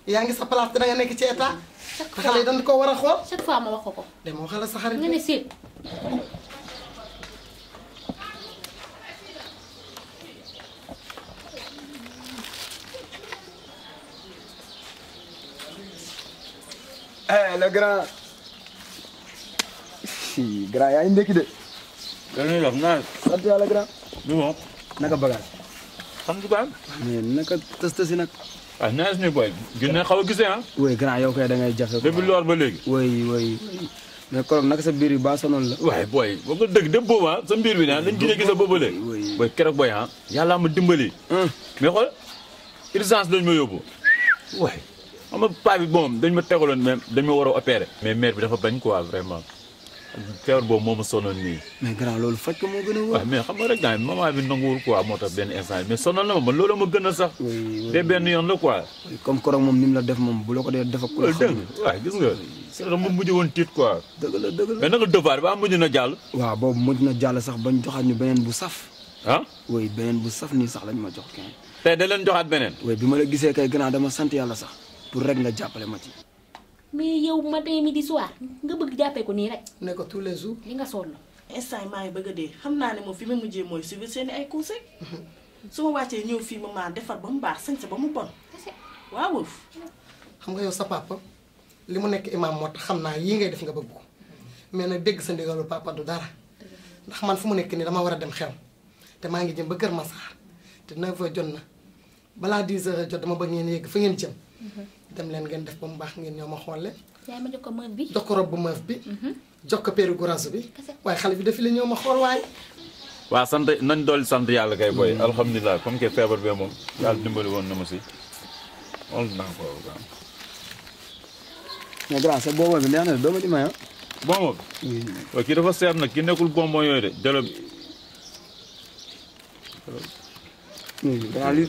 ya nga sa place nga nek ci état te yi dañ ko wara xol chaque fois ma wax ko dama waxal sa xarit ñu ni séet eh le grand grand ya, ngi gën a yomb naa. sant yàlla grand. nu mu. naka bagage. sant tës tësi nag. ah naaj ni booy gën na xaw a gisee ah. oui grand yow kay da ngay jafe. depuis loor ba léegi. oui oui. mais koroog naka sa biir bi baa sonoon la. waaye booy ba nga dëgg dem booba sa biir bi daal dañu gis gis boobu léegi. booy keroog booy ah. yàlla ma dimbali. mais xool urgence lañ ma yóbbu. waaye xam nga paa bi moom dañ ma tegaloon même dañ ma war a opérer. mais mère bi dafa bañ quoi vraiment. feebar boobu moo ma sonal nii. mais grand loolu faj ko moo gën a wóor. mais xam nga rek na ma man loolu ma gën a sax. te benn yoon la comme korog moom ni mu def moom bu la ko dee def ak. loolu dëgg waaw gis nga. c'est vrai que mu la dëgg la joxaat ñu beneen bu saf. ah. oui beneen bu saf nii sax lañ ma jox kenn. tey leen joxaat beneen. oui bi ma la gisee kay grand dama sant yàlla sax pour rek nga jàppale ma ci mais yow bu matin midi soir nga bëgg jàppee ko nii rek. ne ko tous les jours. li nga sonn. instant maa ngi bëgg a dee xam naa ne moom fi ma mujjee mooy suivre seeni ay conseils. su ma ñëw fii ma maa defar ba mu baax sañ sa ba mu bon. waaw xam nga yow sa papa li mu nekk imaam moo xam naa yii ngay def nga bëgg ko mais nag dégg sa ndigalu papa du dara ndax man fu mu nekk nii dama war a dem xew te maa ngi jëm ba Kër Massar te 9 jot na balaa 10h jot dama bëgg ngeen yegg fa ngeen jëm. Mhm. dem leen ngeen def ba mu baax ngeen ñoo ma xool leen. yaay ma jox ko meuf bi jox bi. Mhm. jox ko peeru goraas bi. waaye xale bi def la ñoo ma xool waaye. waaw sant nañ dool sant yàlla kay booy. alhamdulilah comme que feebar bee moom. yàlla dimbali woon na ma si. xool naa ko waaw. mais grand sa bonbon bi na doo ma di may ah. bonbon bi. waaw kii dafa seet nag ki nekkul bonbon yooyu de delo bi. waaw lii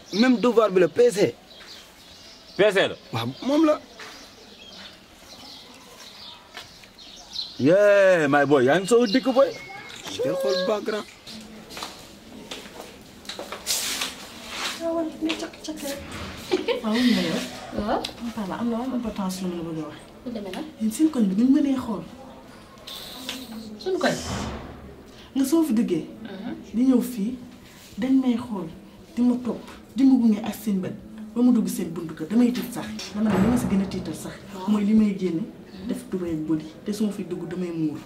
même devoir bi la PC. PC la waaw moom la. yee may booy yaa ngi soo a dikk booy. day xool background. ni mu mënee xool. nga soo fi duggee. di ñëw fii dañ may xool di ma topp. di ma gunge ak seen bëd ba mu dugg seen buntu kër damay tit sax dama ne li ma si gën sax moy limay may def tubéy ak bëli té suma fi dugg damay mur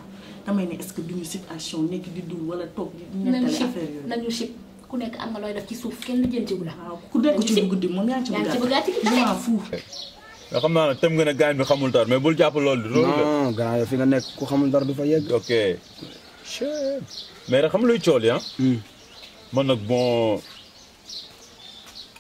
damay né est-ce que duñu situation nek di dul wala tok di nettali affaire yooyu nañu ship ku nek am nga loy def ci suuf kenn lu jëntigu la waaw ku nekk ci guddi mom yaa ci bu bëggaati yaa fuuf nga xam naa ne tëm nga ne gaañ bi xamul dar mais bul japp loolu non gaay fi nga nek ku xamul dar du fa yegg ok mais rek xam luy cool yi ah hmm. man nag bon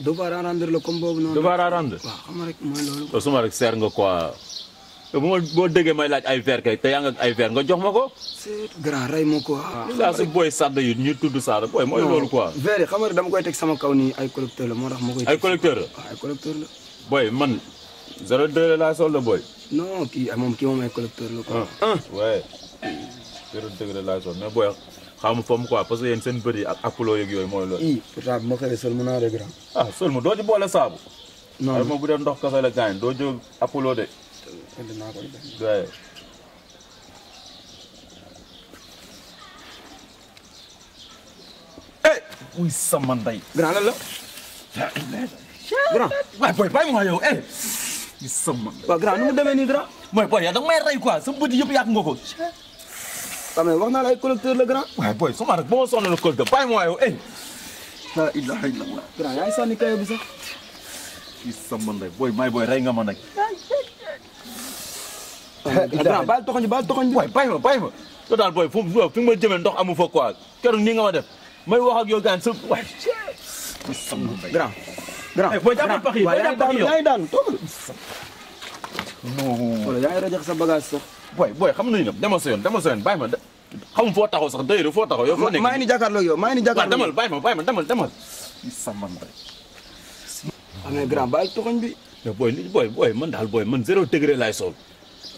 devoir à rendre la comme boobu noonu. devoir à rendre. xam nga rek mooy rek seer nga quoi. bu boo déggee may laaj ay verre te yaa ay verre nga jox ma ko. c'est grand rey ma ko. Ah, waaw saa booy sàdd yi ñu tudd sàdd booy mooy loolu quoi. verre yi xam dama koy teg sama kaw nii ay la moo tax ma koy. ay collecteur la ay collecteur la. man. 02 laa sol la booy. non kii moom kii moom ay collecteur la quoi. ah oui. 02 laa sol mais booy. xaw ma fomm quoi parce que yéen seen bëri ak apollo yeeg yooyu mooy loolu. bu ah, saabu. non non moom bu dee ndox kese la gaañ doo jóg apollo de. dinaa ko eh, grand lan la. grand waaye booy bàyyi ma yow eh. uy sama ndey. grand mooy booy yaa da nga may rey quoi sa bët yëpp yàq nga ko. waaw ah, mais wax naa la la grand. waaye booy su ma rek ba ma sonal collecteur bàyyi ma yow eh. la ilaha illallah. grand yaa ngi sànni kayo bi sax. kii booy may booy rey nga ma nag. Ah, eh, grand baal toxoñ baal toxoñ. waay bàyyi ma bàyyi ma. yow daal booy fu ma jëmee ndox amu fa quoi keroog nii nga ma def may wax ak yo gaan sa waay. kii sama ndey yi eh, booy jàppal pax yi yaa ngi daanu toogal. non. wala yaa ngi rajax sa bagage boy boy xam nañu ne dama sa yoon dama sa yoon bàyyi ma xam foo taxaw sax doyul foo taxaw yow foo nekk maa ngi ni jàkkaarloo yow maa ngi ni jàkkaarloo demal bàyyi ma bàyyi ma demal demal sàmman rek amee grand baal toxoñ bi mais booy li booy booy man daal booy man zéro degré laay sol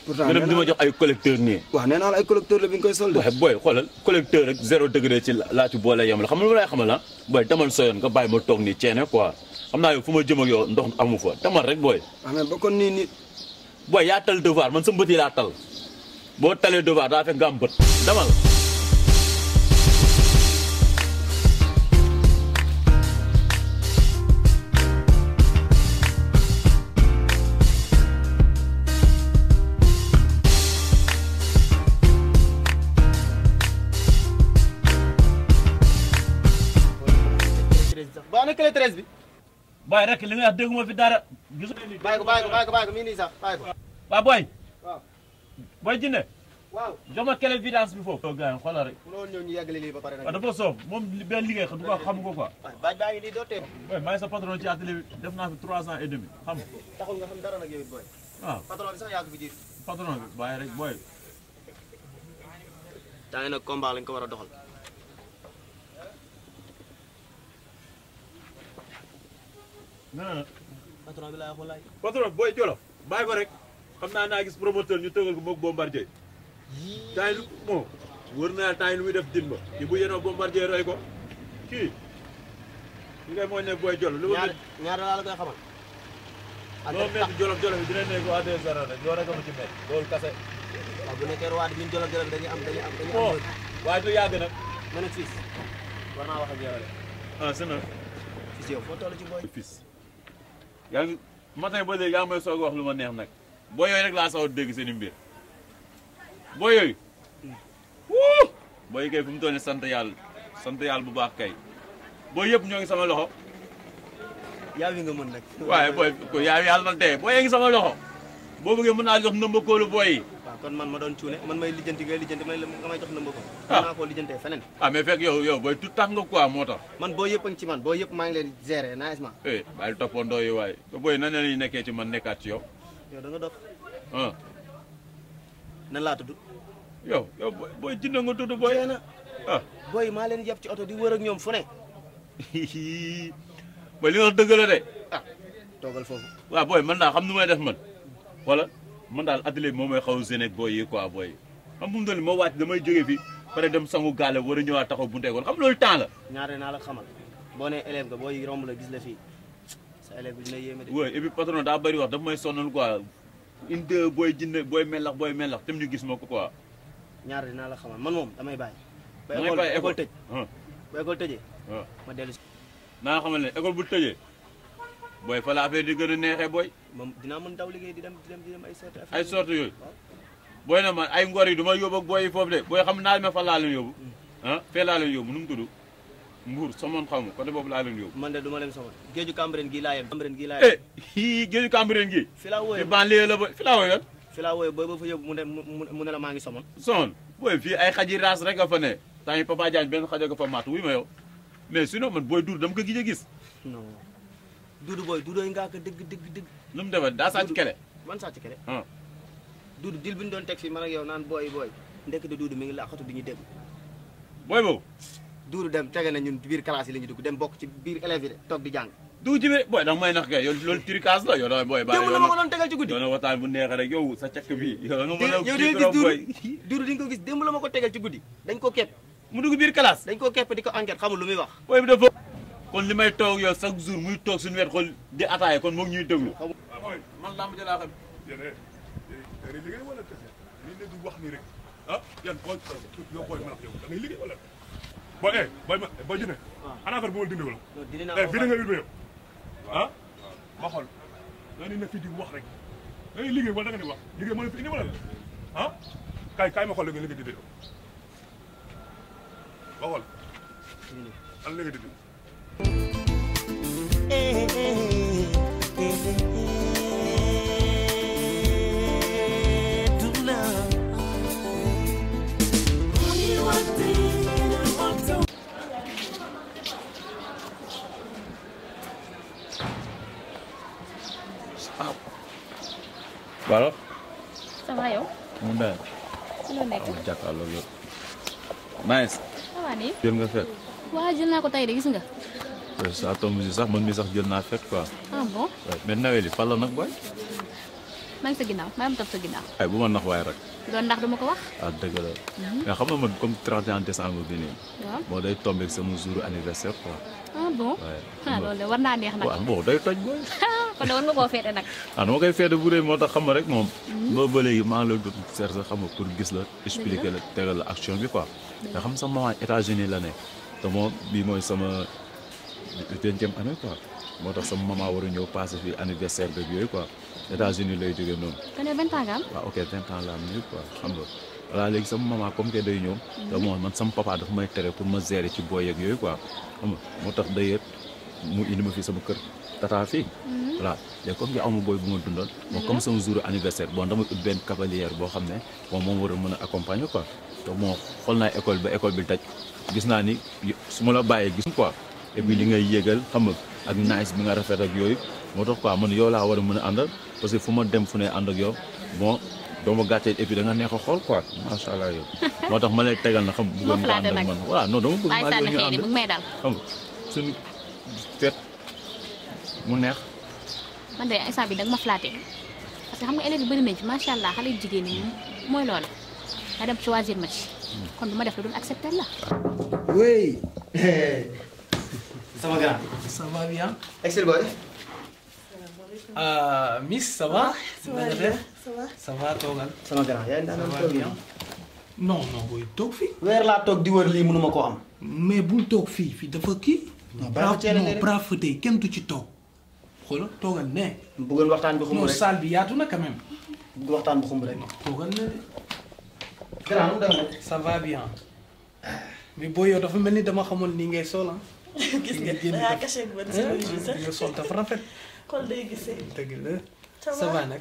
pourtant nga dem di ma jox ay collecteur nii waaw nee naa la ay collecteur la bi nga koy sol waaye booy xoolal collecteur rek zéro degré ci laa ci boole yem la xam lu lay xamal la booy demal soo yoon nga bàyyi ma toog nii ceene quoi xam naa yow fu ma jëm ak yow ndox amu fa demal rek booy amee ba kon nii nii booy yaa tal devoir man sa mbët yi laa tal boo talee devant daa fekk nga am dama la. waaw kele treize bi. booy li nga wax fi dara. bàyyi ko bàyyi ko bàyyi ko sax bàyyi ko. booy jinne waaw jox ma kele vidange bi foofu. gars yi xoolal rek. mënoon ñëw ñu yàggale ba pare nag. Ah, dafa soof moom benn liggéey xam du ko xam nga quoi. baaj baa ngi nii doo tee. booy maa ngi patron ci atelier def naa fi trois ans et demi xam nga. taxul xam dara nag yow it booy. Ah. patron bi sax yaa ko bi bàyyi rek booy. daa ngi lañ ko war a doxal. nee na. patron bi laa xoolaay. patron ko rek. xam naa naa gis promoteur ñu tëgal ko moog bombardier temps yi bon wër naa temps yi lu muy def din ba ci bu yenoo bombardier roy ko kii li mooy ne booy jolo lu ma jolof jolof yi dina nekk waa des arènes rek yoo rek ci mel loolu kase waaw bu nekkee oh, nag ma ne fils war naa wax ak yow rek ah, soog wax lu ma neex nag boo yooyu rek laa saw dégg seen i mbir boo yooyu wuu boo kay fu mu toll nii sant yàlla sant yàlla bu baax kay boo yëpp ñoo ngi sama loxo. yaa ngi nga mën nag. waaye booy ko yaa yàlla na tey boo ngi sama loxo boo bëggee mën naa jox nëmba kóolu booy yi. waaw kon man ma doon cuune man may lijjanti ngay lijjanti man nga may jox nëmba ko. ah mën naa koo lijjantee feneen. ah mais fekk yow yow booy tout tax nga quoi moo tax. man boo yëpp a ngi ci man boo yëpp maa ngi leen gérer naaj ma. eh bàyyi toppandoo yi waaye booy nan la ñuy nekkee ci man nekkaat ci yow yow danga nga na ah. nan laa tudd. yow yow booy jinne nga tudd booy. ah booy maa leen yeb ci oto di wër ak ñoom fu ne. booy li nga wax dëgg la de. ah toogal foofu. waaw booy man naa xam nu may def man. wala man daal atelier bi moom mooy xaw a génne booy yi quoi booy yi xam mu ne ma wàcc damay jógee fi pare dem sangu gaale war a ñëwaat taxaw bunte kon xam loolu temps ñaare naa la xamal boo nee élève nga booy yi romb la gis la fii. waaw et puis patron daa bëri wax dafa may sonnal quoi une deux booy jinne booy melax booy melax tam ñu gis ma ko quoi. ñaar dinaa la xamal man moom damay bàyyi. damay bàyyi école tëj ma dellu si. naa la xamal ne école bu tëjee booy fa la affaire di gën a neexee booy. moom dinaa mën daw liggéey di dem di dem ay sorte ay sorte yooyu. booy na man ay ngor yi du ma yóbbu ak booy yi foofu de booy xam naa ma fa laa leen yóbbu. ah fee laa leen yóbbu nu mu tudd. Mbour Somone xaw ma côté boobu laa leen man de du ma dem Somone géeju Cambérène gii laa yem. Cambérène gii laa eh, yem eh géeju fi laa wooyee la ba fi laa wooyee. ba fa yóbbu mu ne maa ngi Somone. Somone booy fii ay xaji raas rek a fa ne temps yi Papa Diagne benn xaj a fa maat wuy ma yow mais sinon man booy duud dama ko gis a gis. non duudu booy duudooy ngaa ko dëgg dëgg dëgg. nu mu demee daa sàcc kele. man sàcc kele. Ah. duudu dil bi ñu doon teg fii ma ak yow naan booy booy ndekk de duudu mi ngi laaxatu di ñu dégg. duudu dem tege na ñun biir classe yi la ñu dugg dem bokk ci biir élèves yi de toog di jàng du jibe booy danga may nax kay yow loolu tricage la yow da booy bàyyi yow na ma ko doon tegal ci guddi yow na waxtaan bu neexee sa càkk bi yow nga mën a yow di nga gis duudu di nga ko gis démb la ma ko tegal ci ko kepp mu dugg biir classe dañ ko kepp di ko enquête xamul lu muy wax bi dafa kon li may toog yow chaque li ngay wala boo eh boo ma eh, booy jëfee. Ah. ana affaire bu ma dindi wala. dina naa eh, ko nga ubbi yow. Ah. ah ma xool. nga ne fii wax rek da ngay liggéey wala da nga wax liggéey moo la fi indi wala la ah? ma xool liggéey di vidéo ma xool. ana liggéey di vidéo. kalau sama va mudah. mu kalau lu nice. ça va nii. jël nga fekk. waaw jël naa ko tey de gis nga. ça tombe si sax man mi sax jël naa fekk quoi. ah bon. mais nawet li fan la nag booy. maa ngi sa ginnaaw maa ngi topp sa ginnaaw. ay bu ma nax waay rek. doon ndax du ma wax. ah dëgg la. mais xam nga man comme 31 décembre bi jour anniversaire quoi. ah bon ah loolu war naa neex nag. waaw bon day toj booy. kon de war nga koo feete nag. ah nu ma koy feete bu dee moo tax xam nga rek moom. Hmm? boobu ba léegi maa ngi la doon chercher xam nga pour gis la. expliquer la tegal la action bi quoi. nga xam sama maman États-Unis la ne te moom bii mooy sama vingtième année quoi moo tax sama maman war a ñëw passé fii anniversaire beeg yooyu quoi États-Unis lay jógee noonu. kon de vingt ans nga am. waaw ah, ok vingt ans la am nii quoi xam nga. voilà léegi sama maman comme que day ñëw. te mhm. moom man sama papa dafa may tere pour ma gérer ci booy yeeg yooyu quoi xam nga moo tax day mu indi ma fii sama kër tata fii. Mhm. voilà léegi comme que amul booy bu ma dundal. moo mhm. comme sama jour anniversaire bon damay ut benn cavalière boo xam ne bon moom war a mën a accompagner quoi te bon xool naa école ba école bi daj gis naa ni su ma la bàyyee gis quoi et puis li ngay yëgal xam nga ak nice bi nga rafet ak yooyu moo tax quoi man yow laa war a mën a àndal parce que fu ma dem fu ne ànd ak yow doo ma gàccee et puis da nga neex a xool quoi macha allah yow. moo tax ma lay tegal na xam. bëggoon nga ànd ak man waaw non dama bëgg. may dal. xam suñu fet mu neex. man de instant bi da ma flatté parce xam nga élèves yi nañ fi macha allah xale jigéen ñi mooy loolu nga dem choisir ma ci. kon du def la. oui. sama grand. ça ça va toogal. sama grand yaay daan naan toog non non booy toog fii. weer laa toog di wër lii mënuma ko am. mais bul toog fii fii dafa kii. non brave fauteuil kenn du ci toog. xoolal toogal ne. bëggoon waxtaan bi xumb rek non salle bi yaatu na quand même. bëgg waxtaan bi xumb rek. booy yow dafa mel ni dama xamoon nii ngay sol ah. gis nga da sol dafa rafet. xool day gisee. dëgg la ça nag.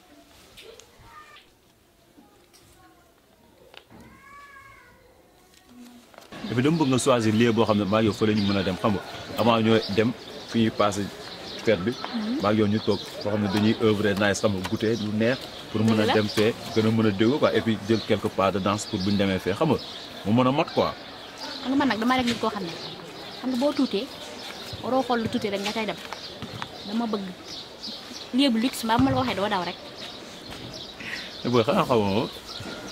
et puis dama bëgg nga choisir lieu boo xam ne maa ngi ñu mën a dem xam nga ñoo dem fi ñuy passé bi maa ngi ñu toog foo xam ne dañuy œuvre nice sama nga goûter lu neex pour mën a dem fee gën a mën a déggoo quoi et puis jël quelque de danse pour bu ñu fee xam nga mu mën a mat quoi xam nga man ne boo tuutee waroo xool lu tuutee rek nga cay dem dama bëgg lieu bu luxe mbaa ma la waxee doo daw rek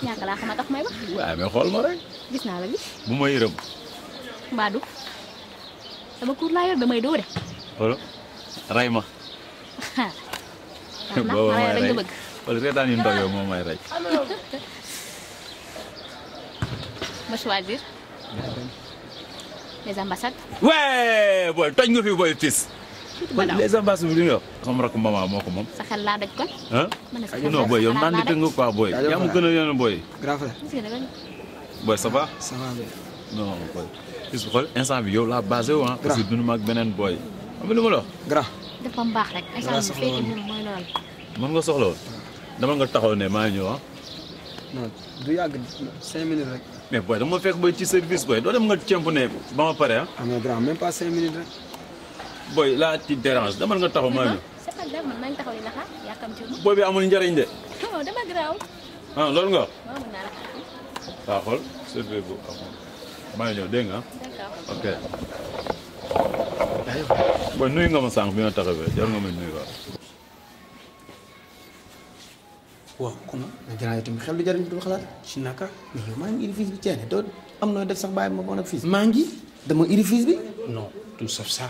ñàkk laa xam a tax may wax. waaw mais xool ma rek. gis naa la gis. bu may rëbb. mbaa du sama kuur laa yor damay dóore. wala rey ma. booba may rey wala seetaan yu ndaw yow moom booy toj nga fi booy tis. les ambassades comme mama moko mom sa xel la daj kon. hein non boy yow quoi boy a ça va. ça va non un hein. parce que la dafa rek. instant fait nga dama nga ne hein. non du minutes rek. mais boy dama fekk boy ci service hein. ah, même pas 5 minutes booy laa ti dérange dama nga taxaw maa ngi. man yàkkamti ma. amul njëriñ de. non ah, loolu nga. waaw ngi ñëw dégg nga ok. booy nuyu nga ma sànq bi nga taxawee jar nga ma nuyu xalaat si naka maa ngi irifis bi ceene doo am nooy def sax bàyyi ma bon ak fii maa ngi dama irifis bi non tout sauf ça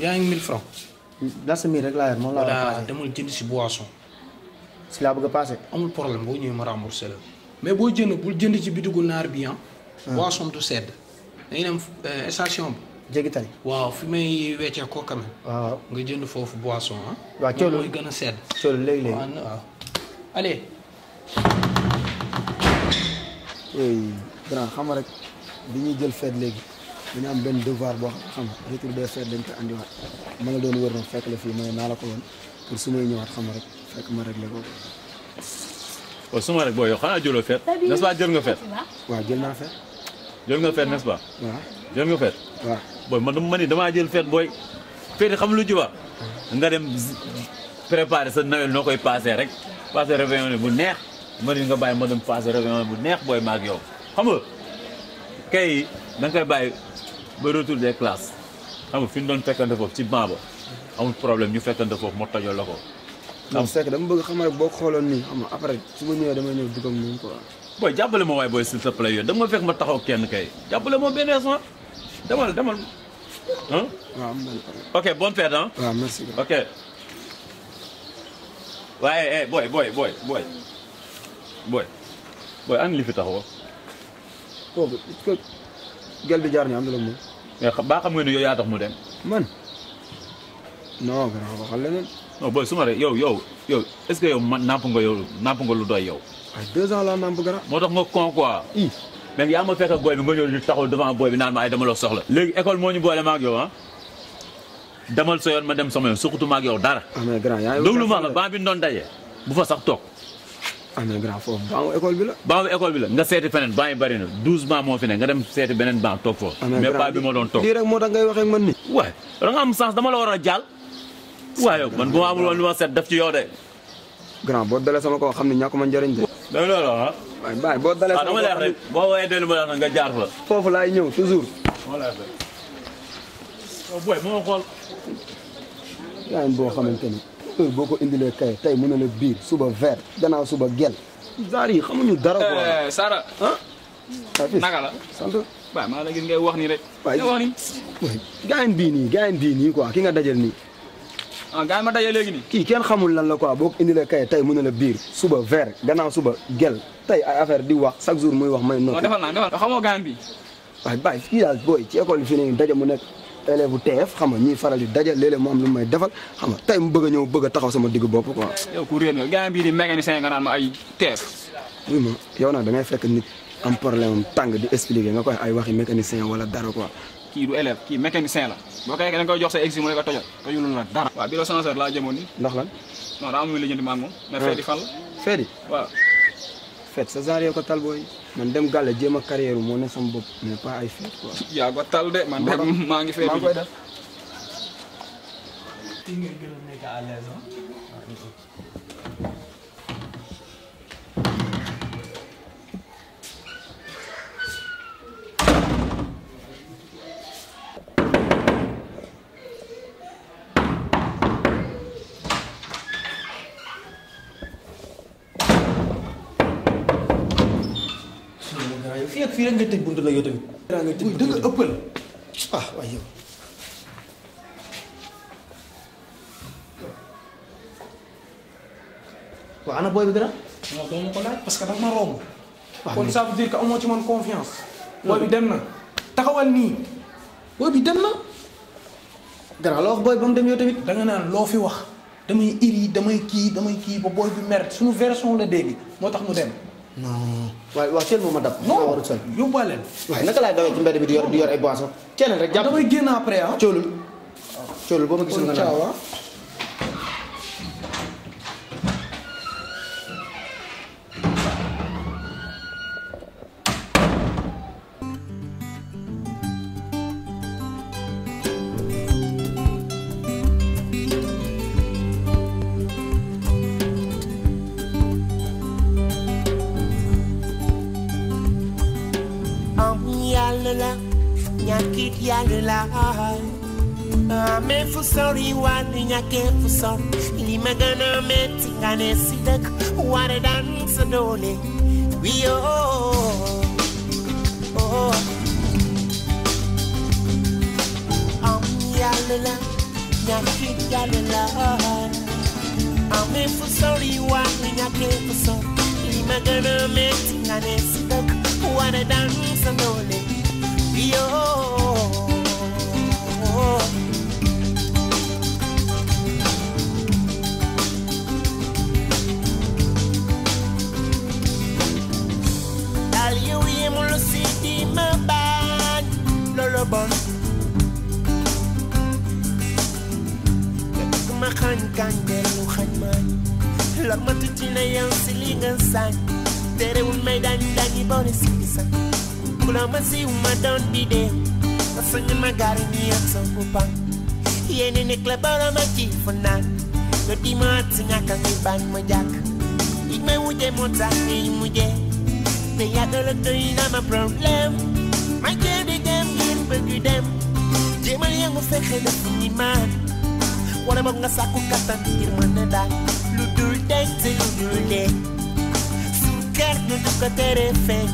yaa ngi 1000 francs Garsamire rek laa yor moom laa war a passé demul jënd si boisson. si laa bëgg a passé. amul problème boo ñëwee ma remboursé la mais boo jënd bul jënd ci bitigu naar bi ah. ah. boisson du sedd. dañuy dem euh, station bi. jéggi tali waaw nga jënd foofu boisson ah. waaw coolu mooy gën a sedd. coolu léegi léegi waaw waaw. allez. xam nga rek bi ñuy jël fête léegi. benn devoir boo xam nga retour des fêtes dañ andiwaat ma la doon wër nag fekk la fii ma ne naa la ko woon pour su may ñëwaat xam rek fekk ma réglé ko. waaw oh, su ma booy yow xanaa jëloo fête n'est-ce pas jël nga fête. waaw jël naa fête. jël nga fête n'est-ce pas. waaw jël nga fête. waaw booy man dama ni damaa jël fête booy. fête xam lu jiba nga dem préparer sa Noël koy passé rek passé bu neex ma ni nga bàyyi ma dem passé réveillon bu neex booy maag yow xam kay da bàyyi. ba retour des classes xam nga fi ñu doon fekkante foofu ci banc ba amul problème ñu fekkante foofu moo tojoo la ko. am sekk dama bëgg xam boo xooloon nii xam après su ma ñëwee dama ñëw dugam mu ko booy jàppale ma waaye booy s'il te plaît yow dama fekk ma taxaw kenn kay jàppale moo benn instant demal demal ah. waaw am na ok bonne fête ah. ok waaye eh, booy booy booy booy booy booy an li fi taxawoo. kooku gel bi jaar nii am na moom. mais baa xam nga ne yow yaa tax mu dem. man non gannaaw waxal leneen. non booy su ma yow yow yow est ce que yow man nàmp nga yow nàmp nga lu doy yow. ay deux ans laa moo tax nga con quoi. même yaa ma fekk ak booy bi nga ñëw di taxaw devant booy bi naan ma ay dama soxla. léegi école moo ñu boole ma ak yow ah. demal sa yoon ma dem sama yoon maa ak yow dara. ah mais grand yaa ngi bi ñu doon daje bu fa sax toog. am na grand foofu banc école bi école bi la nga seeti feneen banc yi bëri na douze banc moo fi ne nga dem seeti beneen banc toog foofu. mais pas bi ma doon toog lii rek moo tax ngay waxee man ni waay da nga am sens dama la war a jaal. waaye man bu ma amul woon ma seet def ci yow de. grand boo dalee sama kaw xam ne ñàkkuma njëriñ de. dëgg la waaw. waay baay boo dalee ah, sama kaw dama rek boo woowee dellu ma nga jaar fa. foofu laay ñëw toujours. moo oh, booy moo xool. yaa ngi boo xamante ni. heure boo ko indilee kay tey mu ne la biir suba vert gannaaw suba gel zaar yi xamuñu dara. quoi eh, Sara. Ah, naka la sant. waaw maa la gis ngay wax nii rek. waay wax nii. gaayen bii nii gaayen bii nii quoi ki nga dajal nii. ah ma dajal léegi nii. kii ken xamul lan la ko boo indilee kay tey mu ne la biir suba vert gannaaw suba gel tey ay affaire di wax chaque jour muy wax may. non defal naa defal naa xamoo gaayen bi. waay ci école bi fii nii daje mu nekk. élève TF xam nga faral di dajal lélé mo am lu may défal xam nga mu bëgg ñëw bëgg taxaw sama digg bop quoi. yow ku réne gaam bi di mécanicien nga naan ma ay TF. oui ma yow na da ngay fekk nit am problème tang di expliquer nga koy ay waxi mécanicien wala dara quoi. ki du élève ki mécanicien la bo kay nga koy jox sa exi nga ne ko tojal tojulul la dara. bi lo sanseur la jëmon ni. ndax lan. non da am lu muy lijjanti maam moom. mais fédi fan fédi sa genre yow ko talboy man dem gàll jéem a carrière moo ne sama bopp mais pas ay feet quoi. yaa tal de man dem ngi koy def. ngeen à l'aise fii rek nga tëj buntu la yow tamit. da nga tëj buntu la da nga ëppal ah waaye yow. waaw ana booy bi dara. non doo ma ko parce que dafa romb. Ah, kon ça veut dire que ci man confiance. booy bi dem na taxawal nii. booy bi dem na. dara loo wax booy ba mu dem yow tamit. danga nga naan loo fi wax damay iri damay kii damay kii ba booy bi mer suñu version la dégg moo tax mu dem. non waaye waaw seen moom ma dab. non warut seen yóbbaale la. waaye naka laay dawee ci mbedd bi di yor di yor ay boissons. keneen rek jàpp damay génn après ah. coolul coolul boo ma gisul nga naan sorry, for some? Nyoka mefusori walinya kefusori Limagana metingane sidek Ware dansa We all, Oh i Am sorry, for some? yalala Nyaki yalala Ame fusori walinya kefusori Limagana metingane dance a dansa dole Wio Oh my bad kan deluhan man Lor matutina yang silingan san Tere un maidan dani bore sisa Kula masi uma don bide Asanya magari ni aksa upang Yene ne klebara maki funan Lodi matinga kan iban majak Ikme uje mota ni muje Ikme they are the lucky na my problem My game they game game bagi them Jema yang usah kena sunyi man Wala mga saku kata pikir mana dah Ludur dan telur deh Sukar nutuk kata refe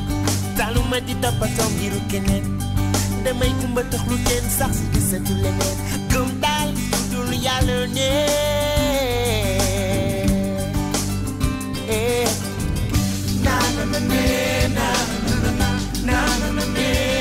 Talu mati dapat tong hiru kenen Damai kumbat tak luken saksi kisah tulenen Kumtai dunia lene Eh Now I'm in the